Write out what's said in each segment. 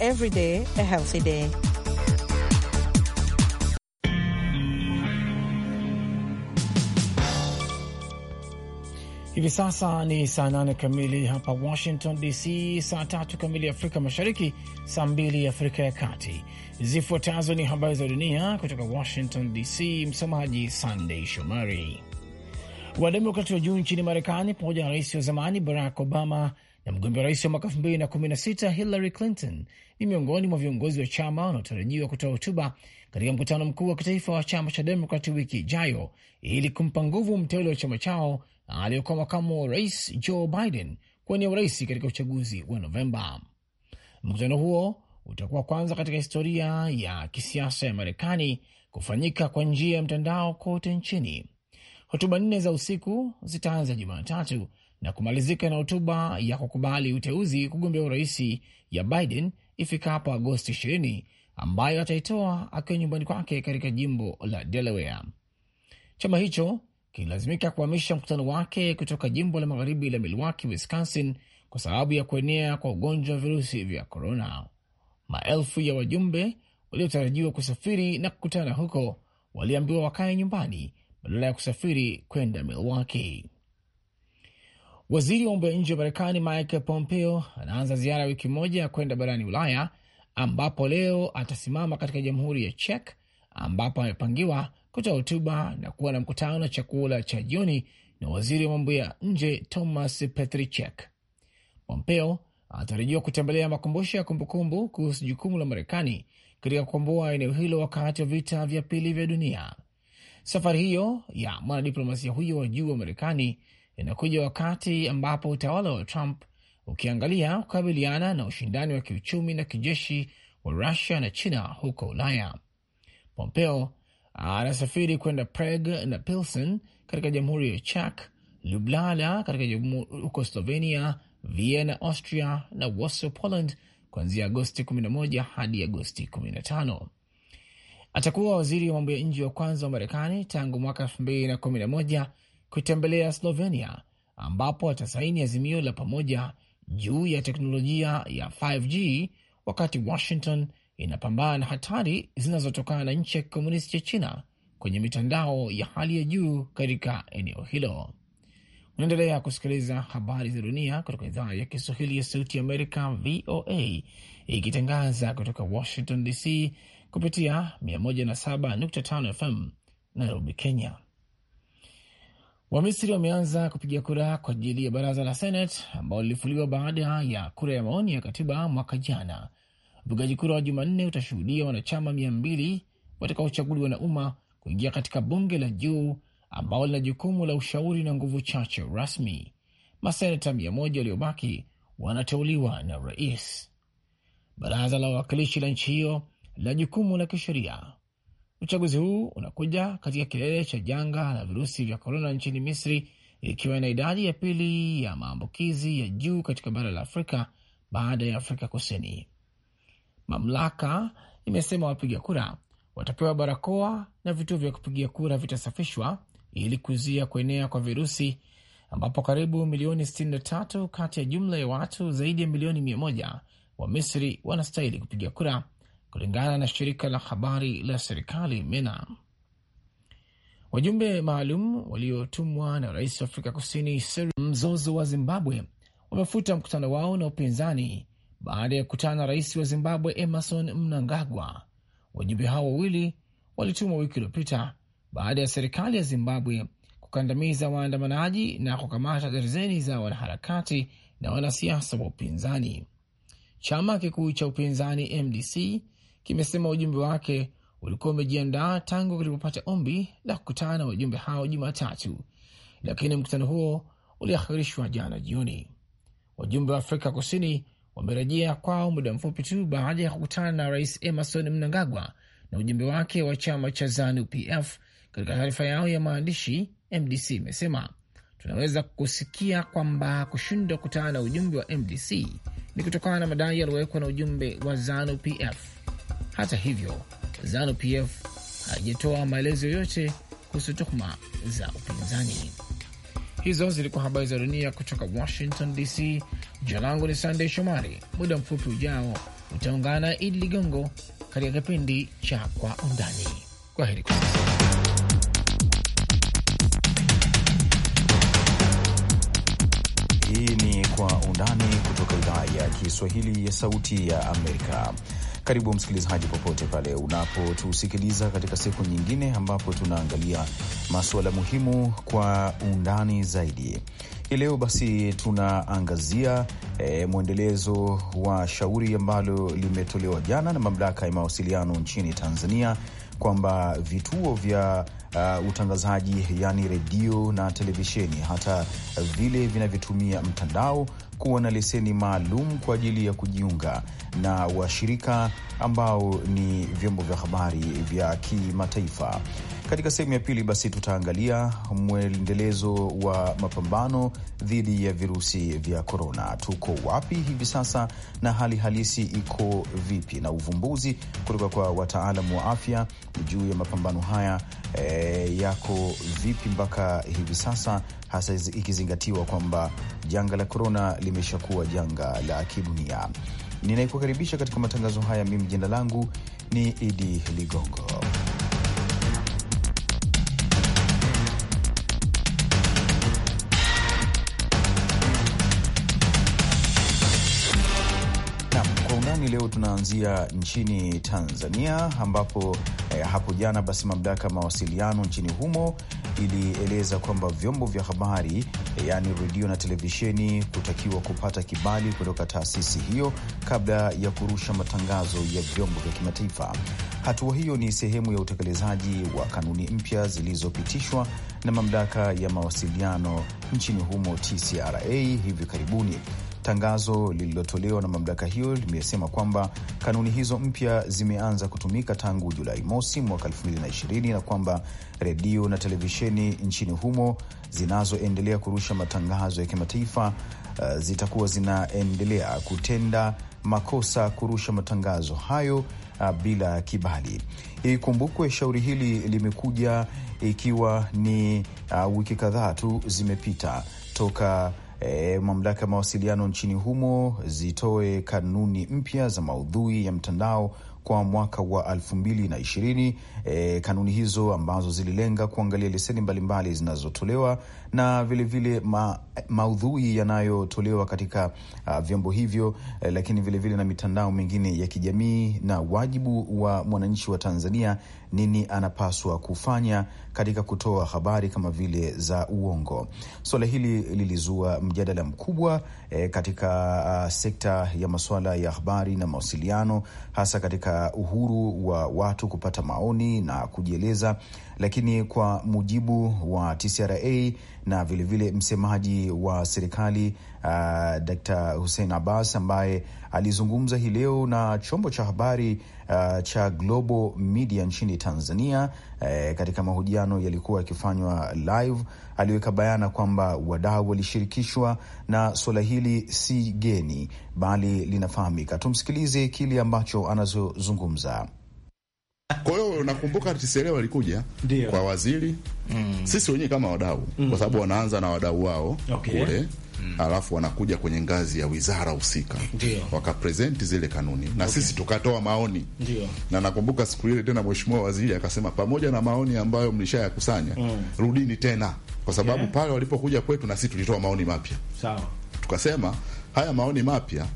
every day a healthy day. Hivi sasa ni saa nane kamili hapa Washington DC, saa tatu kamili Afrika Mashariki, saa mbili Afrika ya Kati. Zifuatazo ni habari za dunia kutoka Washington DC. Msomaji Sandey Shomari. Wademokrati wa juu nchini Marekani pamoja na rais wa zamani Barack Obama na mgombea wa rais wa mwaka 2016 Hillary Clinton ni miongoni mwa viongozi wa chama wanaotarajiwa kutoa hotuba katika mkutano mkuu wa kitaifa wa chama cha demokrat wiki ijayo ili kumpa nguvu mteule wa chama chao aliyekuwa makamu wa rais Joe Biden kuwania urais katika uchaguzi wa Novemba. Mkutano huo utakuwa kwanza katika historia ya kisiasa ya Marekani kufanyika kwa njia ya mtandao kote nchini. Hotuba nne za usiku zitaanza Jumatatu na kumalizika na hotuba ya kukubali uteuzi kugombea uraisi ya Biden ifikapo Agosti 20 ambayo ataitoa akiwa nyumbani kwake katika jimbo la Delaware. Chama hicho kililazimika kuhamisha mkutano wake kutoka jimbo la magharibi la Milwaukee, Wisconsin, kwa sababu ya kuenea kwa ugonjwa wa virusi vya korona. Maelfu ya wajumbe waliotarajiwa kusafiri na kukutana huko waliambiwa wakae nyumbani badala ya kusafiri kwenda Milwaukee. Waziri wa mambo ya nje wa Marekani Mike Pompeo anaanza ziara ya wiki moja kwenda barani Ulaya, ambapo leo atasimama katika jamhuri ya Czech ambapo amepangiwa kutoa hotuba na kuwa na mkutano na chakula cha jioni na waziri wa mambo ya nje Thomas Petrichek. Pompeo anatarajiwa kutembelea makumbusho ya kumbukumbu kuhusu jukumu la Marekani katika kukomboa eneo hilo wakati wa vita vya pili vya dunia. Safari hiyo ya mwanadiplomasia huyo wa juu wa Marekani inakuja wakati ambapo utawala wa Trump ukiangalia kukabiliana na ushindani wa kiuchumi na kijeshi wa Rusia na China huko Ulaya. Pompeo anasafiri kwenda Prague na Pilsen katika jamhuri ya Czech, lublala katika huko Slovenia, Vienna Austria na Warsaw Poland kuanzia Agosti 11 hadi Agosti 15. Atakuwa waziri wa mambo ya nje wa kwanza wa Marekani tangu mwaka 2011 kutembelea Slovenia ambapo atasaini azimio la pamoja juu ya teknolojia ya 5G wakati Washington inapambana na hatari zinazotokana na nchi ya kikomunisti cha China kwenye mitandao ya hali ya juu katika eneo hilo. Unaendelea kusikiliza habari za dunia kutoka idhaa ya Kiswahili ya Sauti ya Amerika, VOA, ikitangaza kutoka Washington DC kupitia 107.5 FM Nairobi, Kenya. Wamisri wameanza kupiga kura kwa ajili ya baraza la Senate ambalo lilifuliwa baada ya kura ya maoni ya katiba mwaka jana. Upigaji kura wa Jumanne utashuhudia wanachama mia mbili watakaochaguliwa na umma kuingia katika bunge la juu ambao lina jukumu la ushauri na nguvu chache rasmi. Maseneta mia moja waliobaki wanateuliwa na rais. Baraza la wawakilishi la nchi hiyo lina jukumu la kisheria Uchaguzi huu unakuja katika kilele cha janga la virusi vya korona nchini Misri, ikiwa na idadi ya pili ya maambukizi ya juu katika bara la Afrika baada ya Afrika Kusini. Mamlaka imesema wapiga kura watapewa barakoa na vituo vya kupigia kura vitasafishwa ili kuzuia kuenea kwa virusi, ambapo karibu milioni 63 kati ya jumla ya watu zaidi ya milioni 100 wa Misri wanastahili kupiga kura kulingana na shirika la habari la serikali MENA. Wajumbe maalum waliotumwa na rais wa Afrika Kusini Cyril, mzozo wa Zimbabwe wamefuta mkutano wao na upinzani baada ya kukutana na rais wa Zimbabwe Emerson Mnangagwa. Wajumbe hao wawili walitumwa wiki iliyopita baada ya serikali ya Zimbabwe kukandamiza waandamanaji na kukamata darzeni za wanaharakati na wanasiasa wa upinzani. Chama kikuu cha upinzani MDC kimesema ujumbe wake ulikuwa umejiandaa tangu kilipopata ombi la kukutana na wajumbe hao Jumatatu, lakini mkutano huo uliahirishwa jana jioni. Wajumbe wa Afrika Kusini wamerejea kwao muda mfupi tu baada ya kukutana na Rais Emerson Mnangagwa na ujumbe wake wa chama cha ZANU PF. Katika taarifa yao ya maandishi, MDC imesema tunaweza kusikia kwamba kushindwa kukutana na ujumbe wa MDC ni kutokana na madai yaliyowekwa na ujumbe wa ZANU PF. Hata hivyo, ZANU-PF haijatoa maelezo yoyote kuhusu tuhuma za upinzani. Hizo zilikuwa habari za dunia kutoka Washington DC. Jina langu ni Sandey Shomari. Muda mfupi ujao utaungana na Idi Ligongo katika kipindi cha Kwa Undani. Kwa heri kwa sasa. Hii ni Kwa Undani kutoka idhaa ya Kiswahili ya Sauti ya Amerika. Karibu msikilizaji, popote pale unapotusikiliza katika siku nyingine ambapo tunaangalia masuala muhimu kwa undani zaidi. Hii leo basi tunaangazia e, mwendelezo wa shauri ambalo limetolewa jana na mamlaka ya mawasiliano nchini Tanzania kwamba vituo vya uh, utangazaji yaani redio na televisheni hata vile vinavyotumia mtandao kuwa na leseni maalum kwa ajili ya kujiunga na washirika ambao ni vyombo vya habari vya kimataifa. Katika sehemu ya pili basi tutaangalia mwendelezo wa mapambano dhidi ya virusi vya korona. Tuko wapi hivi sasa na hali halisi iko vipi, na uvumbuzi kutoka kwa wataalamu wa afya juu ya mapambano haya e, yako vipi mpaka hivi sasa hasa ikizingatiwa kwamba janga la korona limeshakuwa janga la kidunia. Ninayekukaribisha katika matangazo haya, mimi jina langu ni Idi Ligongo. tunaanzia nchini Tanzania ambapo eh, hapo jana basi mamlaka ya mawasiliano nchini humo ilieleza kwamba vyombo vya habari eh, yaani redio na televisheni kutakiwa kupata kibali kutoka taasisi hiyo kabla ya kurusha matangazo ya vyombo vya kimataifa. Hatua hiyo ni sehemu ya utekelezaji wa kanuni mpya zilizopitishwa na mamlaka ya mawasiliano nchini humo TCRA hivi karibuni. Tangazo lililotolewa na mamlaka hiyo limesema kwamba kanuni hizo mpya zimeanza kutumika tangu Julai mosi mwaka 2020 na kwamba redio na televisheni nchini humo zinazoendelea kurusha matangazo ya kimataifa uh, zitakuwa zinaendelea kutenda makosa kurusha matangazo hayo uh, bila kibali. Ikumbukwe shauri hili limekuja ikiwa ni uh, wiki kadhaa tu zimepita toka e, mamlaka ya mawasiliano nchini humo zitoe kanuni mpya za maudhui ya mtandao kwa mwaka wa 2020. E, kanuni hizo ambazo zililenga kuangalia leseni mbalimbali zinazotolewa na vilevile vile ma, maudhui yanayotolewa katika uh, vyombo hivyo e, lakini vilevile vile na mitandao mingine ya kijamii na wajibu wa mwananchi wa Tanzania, nini anapaswa kufanya katika kutoa habari kama vile za uongo. Suala hili lilizua mjadala mkubwa e, katika uh, sekta ya masuala ya habari na mawasiliano hasa katika katika uhuru wa watu kupata maoni na kujieleza lakini kwa mujibu wa TCRA na vilevile vile msemaji wa serikali uh, Dkt. Hussein Abbas ambaye alizungumza hii leo na chombo cha habari uh, cha Global Media nchini Tanzania eh, katika mahojiano yalikuwa yakifanywa live, aliweka bayana kwamba wadau walishirikishwa na suala hili si geni, bali linafahamika. Tumsikilize kile ambacho anazozungumza. Kwa hiyo nakumbuka TCL walikuja Dio. kwa waziri mm. sisi wenyewe kama wadau mm. kwa sababu wanaanza na wadau wao okay. kule Mm. Alafu wanakuja kwenye ngazi ya wizara husika wakapresenti zile kanuni na okay. sisi tukatoa maoni Dio. na nakumbuka siku ile tena mheshimiwa waziri akasema, pamoja na maoni ambayo mlishayakusanya mm. rudini tena, kwa sababu okay. pale walipokuja kwetu na sisi tulitoa maoni mapya, tukasema haya maoni mapya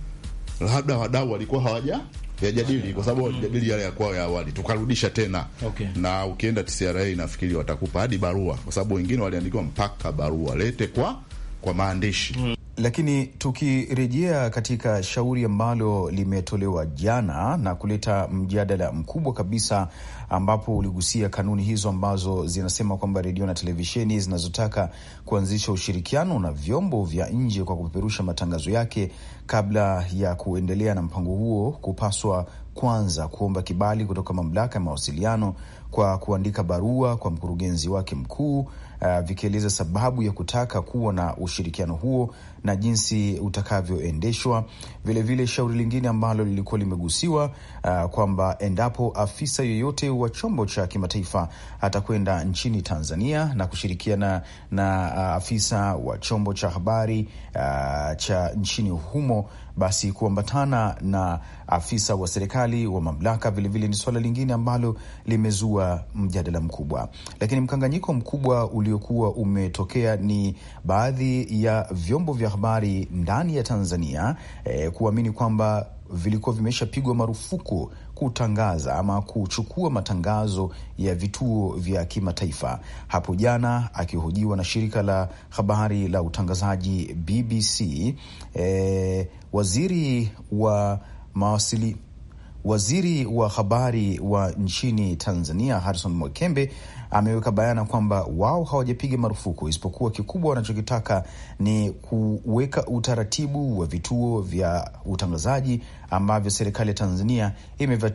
labda wadau walikuwa hawaja tuyajadili kwa sababu jadili yale ya kwao ya awali tukarudisha tena okay. Na ukienda TCRA nafikiri watakupa hadi barua, kwa sababu wengine waliandikiwa mpaka barua lete kwa kwa maandishi mm. Lakini tukirejea katika shauri ambalo limetolewa jana na kuleta mjadala mkubwa kabisa, ambapo uligusia kanuni hizo ambazo zinasema kwamba redio na televisheni zinazotaka kuanzisha ushirikiano na vyombo vya nje kwa kupeperusha matangazo yake, kabla ya kuendelea na mpango huo, kupaswa kwanza kuomba kibali kutoka mamlaka ya mawasiliano kwa kuandika barua kwa mkurugenzi wake mkuu Uh, vikieleza sababu ya kutaka kuwa na ushirikiano huo na jinsi utakavyoendeshwa. Vilevile, shauri lingine ambalo lilikuwa limegusiwa uh, kwamba endapo afisa yoyote wa chombo cha kimataifa atakwenda nchini Tanzania na kushirikiana na, na uh, afisa wa chombo cha habari uh, cha nchini humo basi kuambatana na afisa wa serikali wa mamlaka vilevile ni suala lingine ambalo limezua mjadala mkubwa. Lakini mkanganyiko mkubwa uliokuwa umetokea ni baadhi ya vyombo vya habari ndani ya Tanzania eh, kuamini kwamba vilikuwa vimeshapigwa marufuku kutangaza ama kuchukua matangazo ya vituo vya kimataifa. Hapo jana akihojiwa na shirika la habari la utangazaji BBC, eh, waziri wa mawasili waziri wa habari wa nchini Tanzania Harrison Mwakembe ameweka bayana kwamba wao hawajapiga marufuku, isipokuwa kikubwa wanachokitaka ni kuweka utaratibu wa vituo vya utangazaji ambavyo serikali ya Tanzania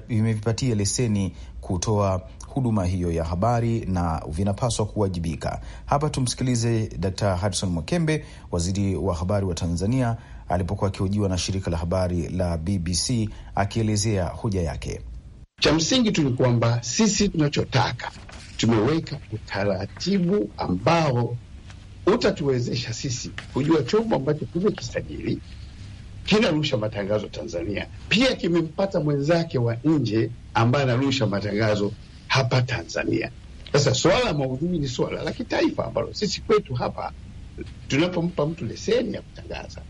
imevipatia leseni kutoa huduma hiyo ya habari na vinapaswa kuwajibika. Hapa tumsikilize d harison Mwakembe, waziri wa habari wa Tanzania, alipokuwa akihojiwa na shirika la habari la BBC akielezea hoja yake. Cha msingi tu ni kwamba sisi tunachotaka tumeweka utaratibu ambao utatuwezesha sisi kujua chombo ambacho tumekisajili kinarusha matangazo Tanzania, pia kimempata mwenzake wa nje ambaye anarusha matangazo hapa Tanzania. Sasa swala la maudhui ni swala la kitaifa ambalo sisi kwetu hapa tunapompa mtu leseni ya kutangaza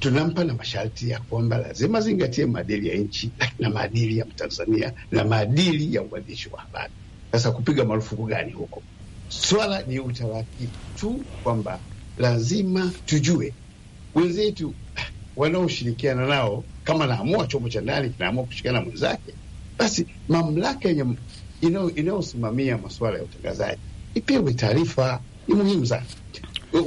tunampa na masharti ya kwamba lazima zingatie maadili ya nchi na maadili ya Mtanzania na maadili ya uandishi wa habari. Sasa kupiga marufuku gani huko? Swala ni utaratibu tu, kwamba lazima tujue wenzetu ah, wanaoshirikiana nao. Kama naamua chombo cha ndani kinaamua kushirikiana mwenzake, basi mamlaka yenye inayosimamia masuala ya utangazaji ipewe taarifa. Ni muhimu sana.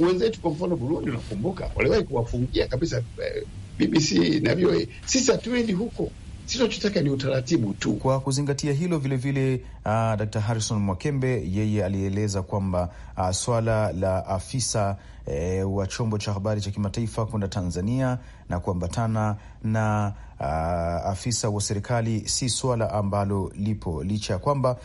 Wenzetu kwa mfano Burundi, unakumbuka waliwahi kuwafungia kabisa eh, BBC na VOA. Sisi hatuendi huko Sinachotaka ni utaratibu tu. Kwa kuzingatia hilo vilevile, uh, ah, Dr. Harrison Mwakembe yeye alieleza kwamba uh, swala la afisa E, wa chombo cha habari cha kimataifa kwenda Tanzania na kuambatana na a, ah, afisa wa serikali si swala ambalo lipo licha ya kwamba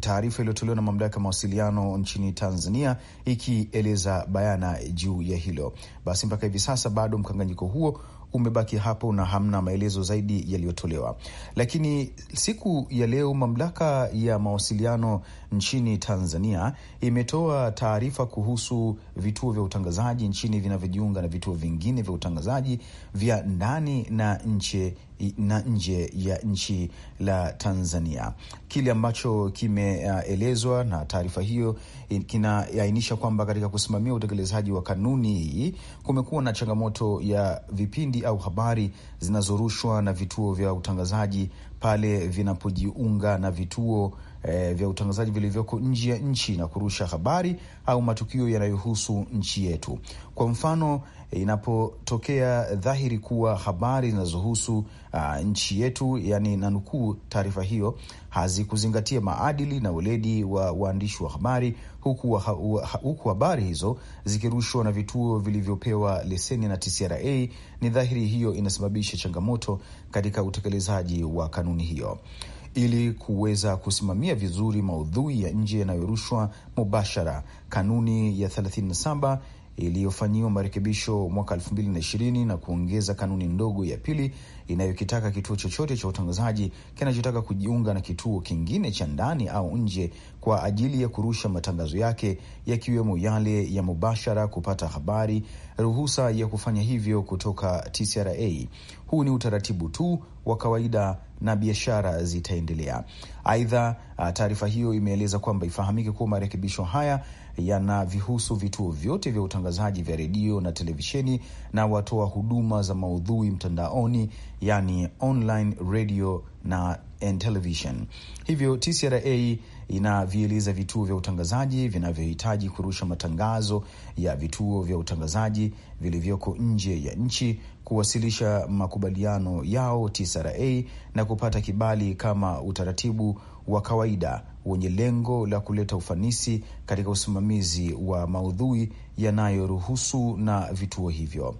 taarifa iliyotolewa na mamlaka ya mawasiliano nchini Tanzania ikieleza bayana juu ya hilo. Basi mpaka hivi sasa bado mkanganyiko huo umebaki hapo na hamna maelezo zaidi yaliyotolewa. Lakini siku ya leo mamlaka ya mawasiliano nchini Tanzania imetoa taarifa kuhusu vituo vya utangazaji nchini vinavyojiunga na vituo vingine vya utangazaji vya ndani na nje na nje ya nchi la Tanzania. Kile ambacho kimeelezwa uh, na taarifa hiyo eh, kinaainisha kwamba katika kusimamia utekelezaji wa kanuni hii kumekuwa na changamoto ya vipindi au habari zinazorushwa na vituo vya utangazaji pale vinapojiunga na vituo e, vya utangazaji vilivyoko nje ya nchi na kurusha habari au matukio yanayohusu nchi yetu. Kwa mfano, inapotokea dhahiri kuwa habari zinazohusu uh, nchi yetu, yani nanukuu, taarifa hiyo hazikuzingatia maadili na weledi wa waandishi wa habari, huku, wa, huku habari hizo zikirushwa na vituo vilivyopewa leseni na TCRA, ni dhahiri hiyo inasababisha changamoto katika utekelezaji wa kanuni hiyo ili kuweza kusimamia vizuri maudhui ya nje yanayorushwa mubashara. Kanuni ya 37 iliyofanyiwa marekebisho mwaka 2020 na kuongeza kanuni ndogo ya pili inayokitaka kituo chochote cha utangazaji kinachotaka kujiunga na kituo kingine cha ndani au nje kwa ajili ya kurusha matangazo yake yakiwemo yale ya mubashara kupata habari ruhusa ya kufanya hivyo kutoka TCRA. Huu ni utaratibu tu wa kawaida na biashara zitaendelea. Aidha, ah, taarifa hiyo imeeleza kwamba ifahamike kuwa marekebisho haya yanavihusu vituo vyote vya utangazaji vya redio na televisheni na watoa huduma za maudhui mtandaoni, yani online radio na television. Hivyo TCRA inavyoeleza vituo vya utangazaji vinavyohitaji kurusha matangazo ya vituo vya utangazaji vilivyoko nje ya nchi kuwasilisha makubaliano yao tra na kupata kibali kama utaratibu wa kawaida wenye lengo la kuleta ufanisi katika usimamizi wa maudhui yanayoruhusu na vituo hivyo.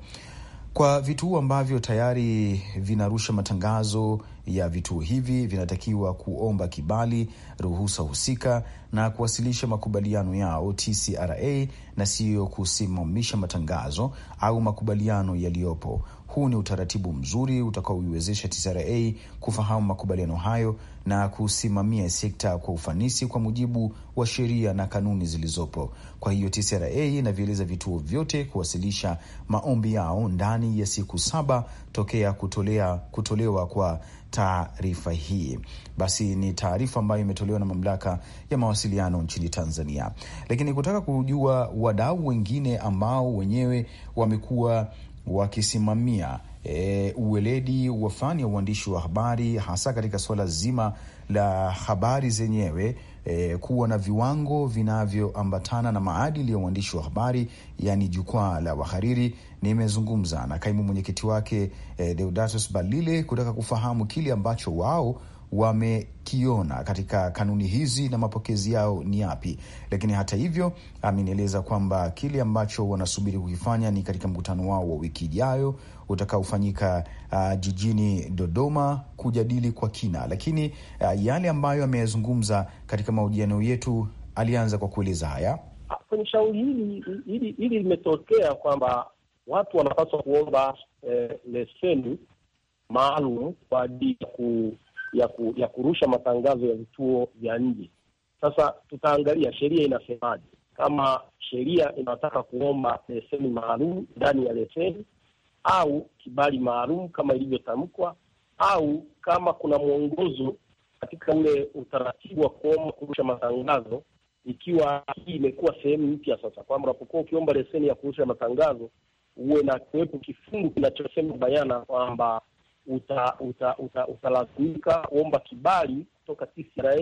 Kwa vituo ambavyo tayari vinarusha matangazo ya vituo hivi, vinatakiwa kuomba kibali, ruhusa husika na kuwasilisha makubaliano yao TCRA, na siyo kusimamisha matangazo au makubaliano yaliyopo. Huu ni utaratibu mzuri utakaoiwezesha TCRA kufahamu makubaliano hayo na kusimamia sekta kwa ufanisi kwa mujibu wa sheria na kanuni zilizopo. Kwa hiyo TCRA inavieleza vituo vyote kuwasilisha maombi yao ndani ya siku saba tokea kutolea, kutolewa kwa taarifa hii. Basi ni taarifa ambayo imetolewa na mamlaka ya mawasiliano nchini Tanzania, lakini kutaka kujua wadau wengine ambao wenyewe wamekuwa wakisimamia e, uweledi wa fani ya uandishi wa habari hasa katika suala zima la habari zenyewe e, kuwa na viwango vinavyoambatana na maadili ya uandishi wa habari, yaani jukwaa la wahariri. Nimezungumza na kaimu mwenyekiti wake e, Deodatus Balile kutaka kufahamu kile ambacho wao wamekiona katika kanuni hizi na mapokezi yao ni yapi. Lakini hata hivyo, amenieleza kwamba kile ambacho wanasubiri kukifanya ni katika mkutano wao wa wiki ijayo utakaofanyika uh, jijini Dodoma kujadili kwa kina. Lakini uh, yale ambayo ameyazungumza katika mahojiano yetu, alianza kwa kueleza haya kwenye shauri hili. Hili limetokea kwamba watu wanapaswa kuomba eh, leseni maalum kwa ajili ya ya, ku, ya kurusha matangazo ya vituo vya nje. Sasa tutaangalia sheria inasemaje, kama sheria inataka kuomba leseni maalum ndani ya leseni au kibali maalum kama ilivyotamkwa, au kama kuna mwongozo katika ule utaratibu wa kuomba kurusha matangazo, ikiwa hii imekuwa sehemu mpya sasa, kwamba unapokuwa ukiomba leseni ya kurusha matangazo uwe na kuwepo kifungu kinachosema bayana kwamba utalazimika uta, uta, uta kuomba kibali kutoka TCRA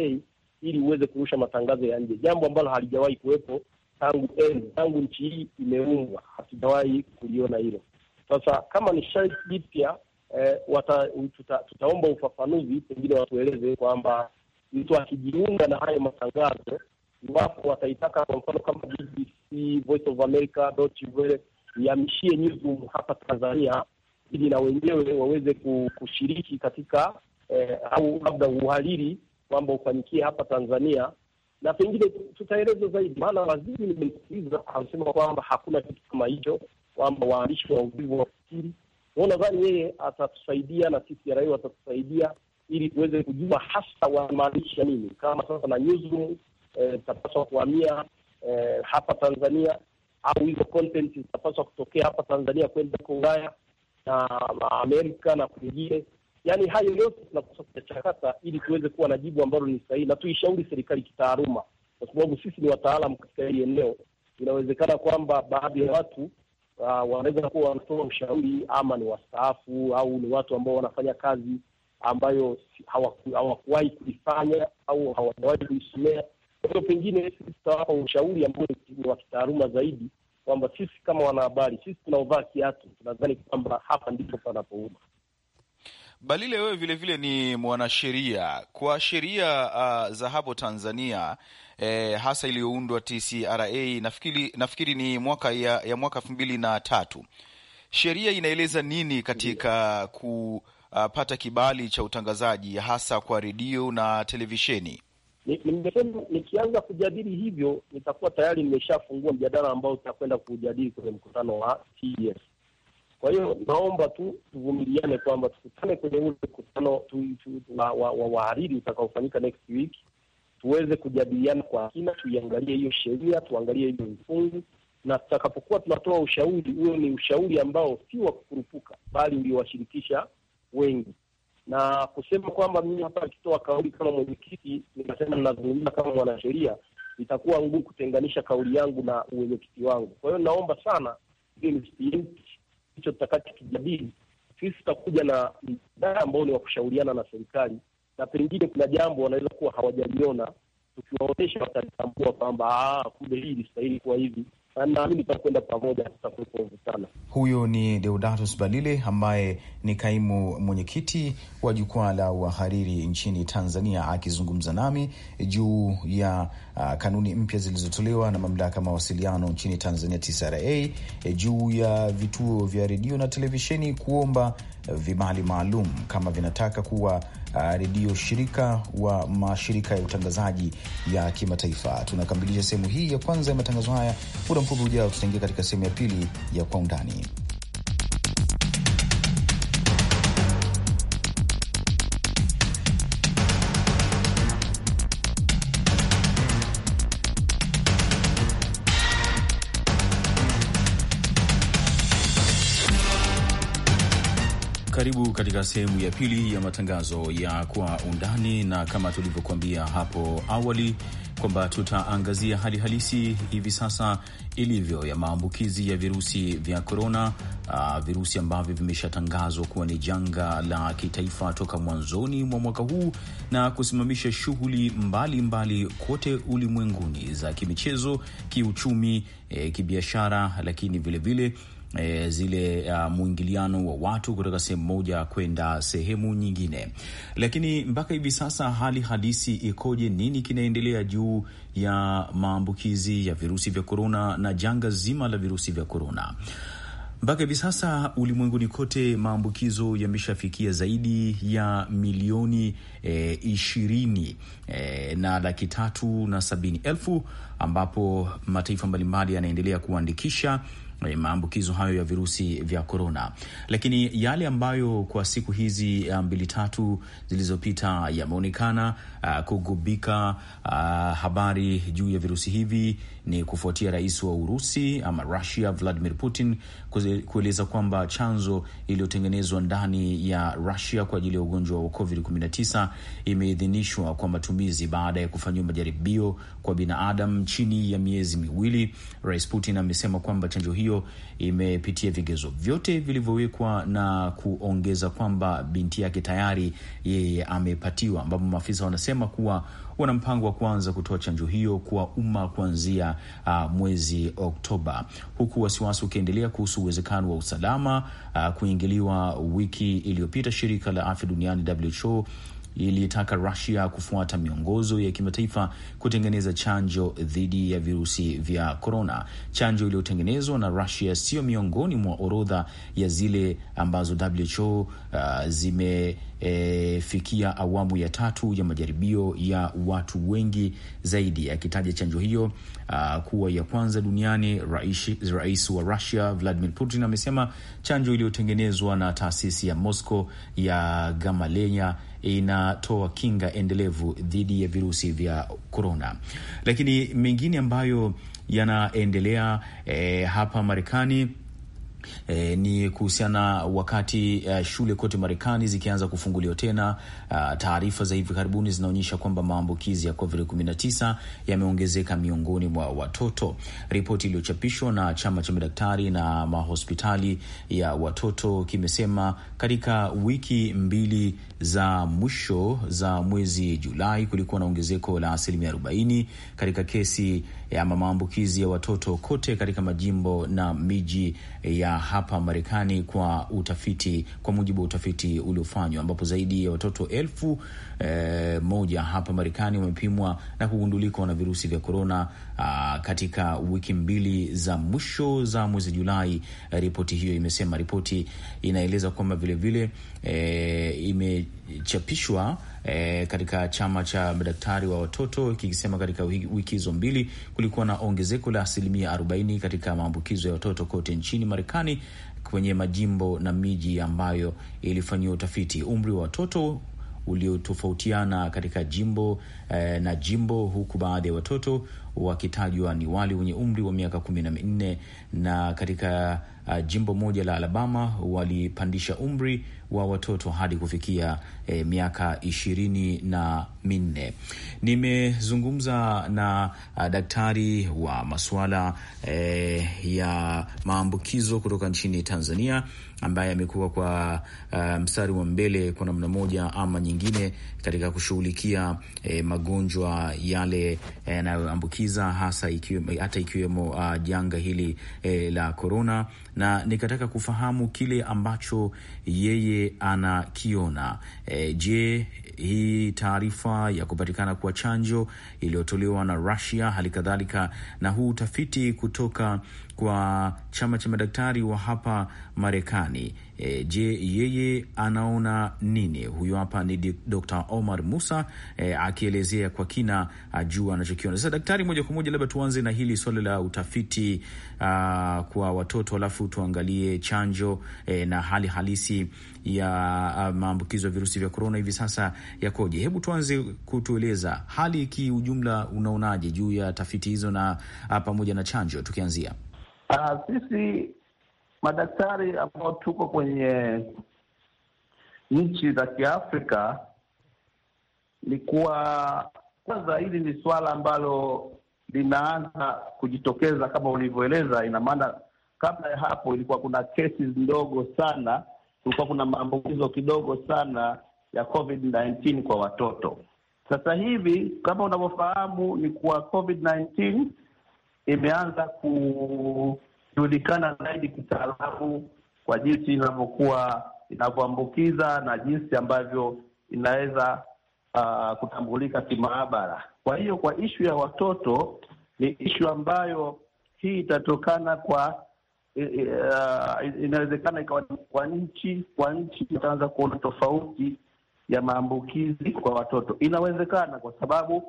ili uweze kurusha matangazo ya nje, jambo ambalo halijawahi kuwepo tangu enzi, tangu nchi hii imeumbwa, hatujawahi kuliona hilo. Sasa kama ni sharti jipya eh, tuta, tutaomba ufafanuzi, pengine watueleze kwamba mtu akijiunga na hayo matangazo, iwapo wataitaka kwa mfano kama BBC, Voice of America, Deutsche Welle iamshie Newsroom hapa Tanzania ili na wenyewe waweze kushiriki katika eh, au labda uhaliri kwamba ufanyikie hapa Tanzania, na pengine tutaeleza zaidi, maana waziri nimemsikiliza amesema kwamba hakuna kitu kama hicho, kwamba waandishi wa uvivu wa fikiri. Nadhani yeye atatusaidia na raia watatusaidia ili tuweze kujua hasa wanamaanisha nini. Kama sasa na newsroom eh, zitapaswa eh, kuhamia eh, hapa Tanzania au hizo content zitapaswa kutokea hapa Tanzania kwenda kwa Ulaya na Amerika na kwingine. yani hayo yote tunakosa kuyachakata ili tuweze kuwa na jibu ambalo ni sahihi, na tuishauri serikali kitaaluma, kwa sababu sisi ni wataalamu katika hili eneo. Inawezekana kwamba baadhi ya watu uh, wanaweza kuwa wanatoa ushauri ama ni wastaafu au ni watu ambao wanafanya kazi ambayo hawakuwahi kuifanya au hawajawahi kuisomea. Kwa hiyo pengine sisi tutawapa ushauri ambao ni wa kitaaluma zaidi kwamba sisi kama wanahabari, sisi tunaovaa kiatu tunadhani kwamba hapa ndipo panapouma. Balile, wewe vilevile ni mwanasheria kwa sheria uh, za hapo Tanzania eh, hasa iliyoundwa TCRA nafikiri, nafikiri ni mwaka ya, ya mwaka elfu mbili na tatu. Sheria inaeleza nini katika kupata uh, kibali cha utangazaji hasa kwa redio na televisheni? Nimesema nikianza kujadili hivyo nitakuwa tayari nimeshafungua mjadala ambao tutakwenda kujadili kwenye mkutano wa TES. Kwa hiyo naomba tu tuvumiliane kwamba tukutane kwenye ule mkutano wa wahariri utakaofanyika next week, tuweze kujadiliana kwa kina, tuiangalie hiyo sheria, tuangalie hiyo mfungu na tutakapokuwa tunatoa ushauri, huo ni ushauri ambao si wa kukurupuka, bali uliowashirikisha wengi na kusema kwamba mimi hapa nikitoa kauli kama mwenyekiti, nikasema ninazungumza kama mwanasheria, itakuwa ngumu kutenganisha kauli yangu na uwenyekiti wangu. Kwa hiyo naomba sana hicho kijadili sisi, tutakuja na mdaa ambao ni wa kushauriana na serikali, na pengine kuna jambo wanaweza kuwa hawajaliona, tukiwaonyesha watatambua kwamba ah, kumbe hii ilistahili kuwa hivi naamini tutakwenda pamoja, tutakuwepo sana. Huyo ni Deodatus Balile ambaye ni kaimu mwenyekiti wa jukwaa la wahariri nchini Tanzania akizungumza nami juu ya uh, kanuni mpya zilizotolewa na mamlaka mawasiliano nchini Tanzania TCRA e, juu ya vituo vya redio na televisheni kuomba vibali maalum kama vinataka kuwa redio shirika wa mashirika ya utangazaji ya kimataifa. Tunakamilisha sehemu hii ya kwanza ya matangazo haya. Muda mfupi ujao, tutaingia katika sehemu ya pili ya kwa undani. katika sehemu ya pili ya matangazo ya kwa undani, na kama tulivyokuambia hapo awali kwamba tutaangazia hali halisi hivi sasa ilivyo ya maambukizi ya virusi vya korona, uh, virusi ambavyo vimeshatangazwa kuwa ni janga la kitaifa toka mwanzoni mwa mwaka huu na kusimamisha shughuli mbalimbali kote ulimwenguni za kimichezo, kiuchumi, eh, kibiashara, lakini vilevile vile, E, zile uh, mwingiliano wa watu kutoka sehemu moja kwenda sehemu nyingine. Lakini mpaka hivi sasa hali halisi ikoje? Nini kinaendelea juu ya maambukizi ya virusi vya korona na janga zima la virusi vya korona? Mpaka hivi sasa ulimwenguni kote maambukizo yameshafikia zaidi ya milioni e, ishirini e, na laki tatu na sabini elfu ambapo mataifa mbalimbali yanaendelea kuandikisha Eh, maambukizo hayo ya virusi vya korona, lakini yale ambayo kwa siku hizi eh, mbili tatu zilizopita yameonekana uh, kugubika uh, habari juu ya virusi hivi ni kufuatia rais wa Urusi ama Rusia Vladimir Putin kueleza kwamba chanzo iliyotengenezwa ndani ya Rusia kwa ajili ya ugonjwa wa COVID-19 imeidhinishwa kwa matumizi baada ya kufanyiwa majaribio kwa binadamu chini ya miezi miwili. Rais Putin amesema kwamba chanjo hiyo imepitia vigezo vyote vilivyowekwa na kuongeza kwamba binti yake tayari yeye amepatiwa, ambapo maafisa wanasema kuwa wana mpango wa kuanza kutoa chanjo hiyo kwa umma kuanzia uh, mwezi Oktoba, huku wasiwasi ukiendelea kuhusu uwezekano wa usalama uh, kuingiliwa. Wiki iliyopita shirika la afya duniani WHO ilitaka Rusia kufuata miongozo ya kimataifa kutengeneza chanjo dhidi ya virusi vya korona. Chanjo iliyotengenezwa na Rusia siyo miongoni mwa orodha ya zile ambazo WHO uh, zimefikia e, awamu ya tatu ya majaribio ya watu wengi zaidi, akitaja chanjo hiyo uh, kuwa ya kwanza duniani. Rais, rais wa Rusia Vladimir Putin amesema chanjo iliyotengenezwa na taasisi ya Moscow ya Gamaleya inatoa kinga endelevu dhidi ya virusi vya korona. Lakini mengine ambayo yanaendelea e, hapa Marekani E, ni kuhusiana wakati uh, shule kote Marekani zikianza kufunguliwa tena. Uh, taarifa za hivi karibuni zinaonyesha kwamba maambukizi ya Covid 19 yameongezeka miongoni mwa watoto. Ripoti iliyochapishwa na chama cha madaktari na mahospitali ya watoto kimesema katika wiki mbili za mwisho za mwezi Julai kulikuwa na ongezeko la asilimia 40 katika kesi ama maambukizi ya watoto kote katika majimbo na miji ya hapa Marekani, kwa utafiti, kwa mujibu wa utafiti uliofanywa ambapo zaidi ya watoto elfu e, moja hapa Marekani wamepimwa na kugundulikwa na virusi vya korona ah, katika wiki mbili za mwisho za mwezi Julai, eh, ripoti hiyo imesema. Ripoti inaeleza kwamba vilevile e, eh, imechapishwa E, katika chama cha madaktari wa watoto kikisema katika wiki hizo mbili kulikuwa na ongezeko la asilimia 40 katika maambukizo ya watoto kote nchini Marekani kwenye majimbo na miji ambayo ilifanyiwa utafiti. Umri wa watoto uliotofautiana katika jimbo eh, na jimbo, huku baadhi ya watoto wakitajwa ni wale wenye umri wa miaka kumi na minne na katika uh, jimbo moja la Alabama walipandisha umri wa watoto hadi kufikia eh, miaka ishirini na minne. Nimezungumza na uh, daktari wa masuala eh, ya maambukizo kutoka nchini Tanzania ambaye amekuwa kwa uh, mstari wa mbele kwa namna moja ama nyingine katika kushughulikia eh, magonjwa yale eh, yanayoambukiza eh, hasa hata ikiwemo uh, janga hili eh, la korona na nikataka kufahamu kile ambacho yeye anakiona. E, je, hii taarifa ya kupatikana kwa chanjo iliyotolewa na Russia, hali kadhalika na huu utafiti kutoka kwa chama cha madaktari wa hapa Marekani. E, je, yeye anaona nini? Huyo hapa ni Dr. Omar Musa e, akielezea kwa kina juu anachokiona. Sasa daktari, moja kwa moja, labda tuanze na hili swala la utafiti a, kwa watoto alafu tuangalie chanjo e, na hali halisi ya maambukizo ya virusi vya korona hivi sasa yakoje? Hebu tuanze kutueleza hali kiujumla, unaonaje juu ya tafiti hizo na pamoja na chanjo tukianzia Uh, sisi madaktari ambao tuko kwenye nchi za Kiafrika ni kuwa kwanza, hili ni suala ambalo linaanza kujitokeza kama ulivyoeleza. Ina maana kabla ya hapo ilikuwa kuna kesi ndogo sana, kulikuwa kuna maambukizo kidogo sana ya COVID-19 kwa watoto. Sasa hivi kama unavyofahamu ni kuwa COVID-19 imeanza kujulikana zaidi kitaalamu kwa jinsi inavyokuwa inavyoambukiza na jinsi ambavyo inaweza uh, kutambulika kimaabara. Kwa hiyo kwa ishu ya watoto ni ishu ambayo hii itatokana kwa uh, inawezekana ikawa kwa nchi kwa nchi itaanza kuona tofauti ya maambukizi kwa watoto. Inawezekana kwa sababu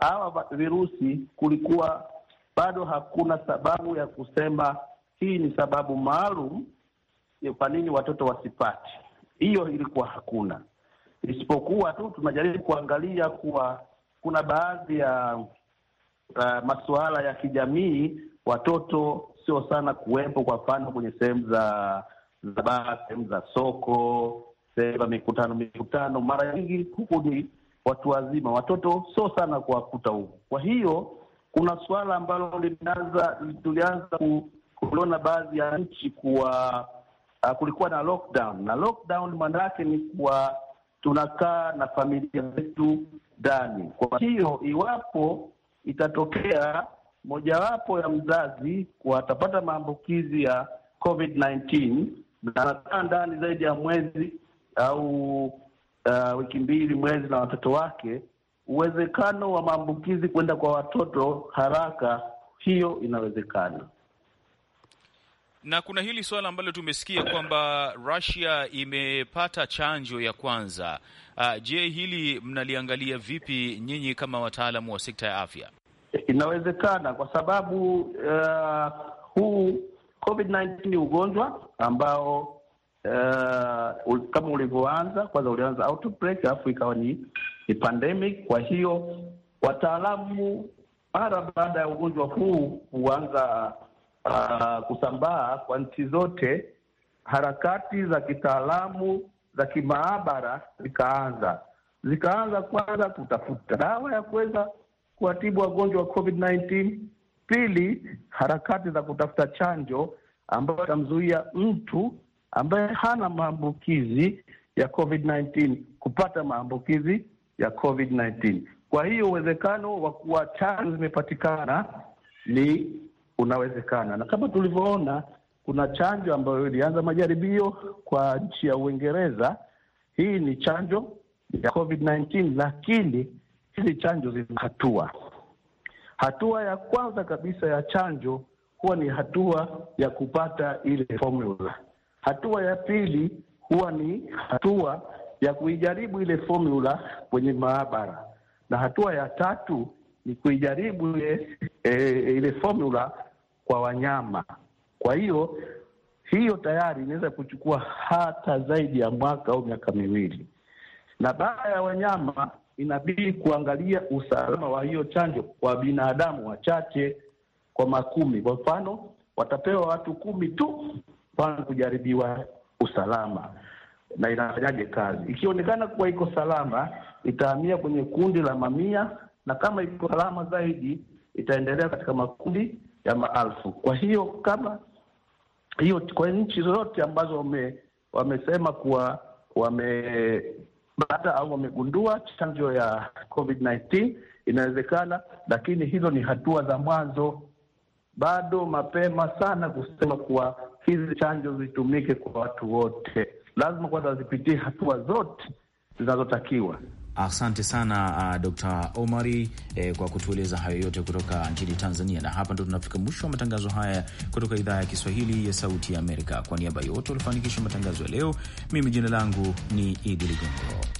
hawa virusi kulikuwa bado hakuna sababu ya kusema hii ni sababu maalum kwa nini watoto wasipate. Hiyo ilikuwa hakuna, isipokuwa tu tunajaribu kuangalia kuwa kuna baadhi ya uh, masuala ya kijamii watoto sio sana kuwepo, kwa mfano kwenye sehemu za za baa, sehemu za soko, sehemu za mikutano mikutano. Mara nyingi huku ni watu wazima, watoto sio sana kuwakuta huku. Kwa hiyo kuna suala ambalo linaanza tulianza kuliona baadhi ya nchi kuwa uh, kulikuwa na lockdown, na lockdown maana yake ni kuwa tunakaa na familia zetu ndani. Kwa hiyo iwapo itatokea mojawapo ya mzazi kwa atapata maambukizi ya COVID-19 na anakaa ndani zaidi ya mwezi au uh, wiki mbili, mwezi na watoto wake uwezekano wa maambukizi kwenda kwa watoto haraka, hiyo inawezekana. Na kuna hili suala ambalo tumesikia kwamba Russia imepata chanjo ya kwanza. Uh, je, hili mnaliangalia vipi nyinyi kama wataalamu wa sekta ya afya? Inawezekana kwa sababu uh, huu COVID-19 ni ugonjwa ambao uh, kama ulivyoanza kwanza, ulianza outbreak alafu ikawa ni ni pandemic. Kwa hiyo wataalamu mara baada ya ugonjwa huu kuanza uh, kusambaa kwa nchi zote, harakati za kitaalamu za kimaabara zikaanza zikaanza kwanza kutafuta dawa ya kuweza kuwatibu wagonjwa wa COVID-19. Pili, harakati za kutafuta chanjo ambayo itamzuia mtu ambaye hana maambukizi ya COVID-19 kupata maambukizi ya COVID-19. Kwa hiyo uwezekano wa kuwa chanjo zimepatikana ni unawezekana, na kama tulivyoona, kuna chanjo ambayo ilianza majaribio kwa nchi ya Uingereza. Hii ni chanjo ya COVID-19, lakini hizi chanjo zina hatua. Hatua ya kwanza kabisa ya chanjo huwa ni hatua ya kupata ile formula. Hatua ya pili huwa ni hatua ya kuijaribu ile formula kwenye maabara, na hatua ya tatu ni kuijaribu ile, e, e, ile formula kwa wanyama. Kwa hiyo hiyo tayari inaweza kuchukua hata zaidi ya mwaka au miaka miwili, na baada ya wanyama inabidi kuangalia usalama wa hiyo chanjo kwa binadamu wachache, kwa makumi. Kwa mfano, watapewa watu kumi tu, mfano kujaribiwa usalama na inafanyaje kazi. Ikionekana kuwa iko salama, itahamia kwenye kundi la mamia, na kama iko salama zaidi, itaendelea katika makundi ya maalfu. Kwa hiyo kama hiyo, kwa nchi zozote ambazo wame, wamesema kuwa wamepata au wamegundua chanjo ya COVID-19 inawezekana, lakini hizo ni hatua za mwanzo. Bado mapema sana kusema kuwa hizi chanjo zitumike kwa watu wote lazima kwanza wazipitie hatua zote zinazotakiwa. Asante sana uh, Dr. Omari eh, kwa kutueleza hayo yote kutoka nchini Tanzania. Na hapa ndo tunafika mwisho wa matangazo haya kutoka idhaa ya Kiswahili ya Sauti ya Amerika. Kwa niaba yote waliofanikisha matangazo ya leo, mimi jina langu ni Idi Ligongo.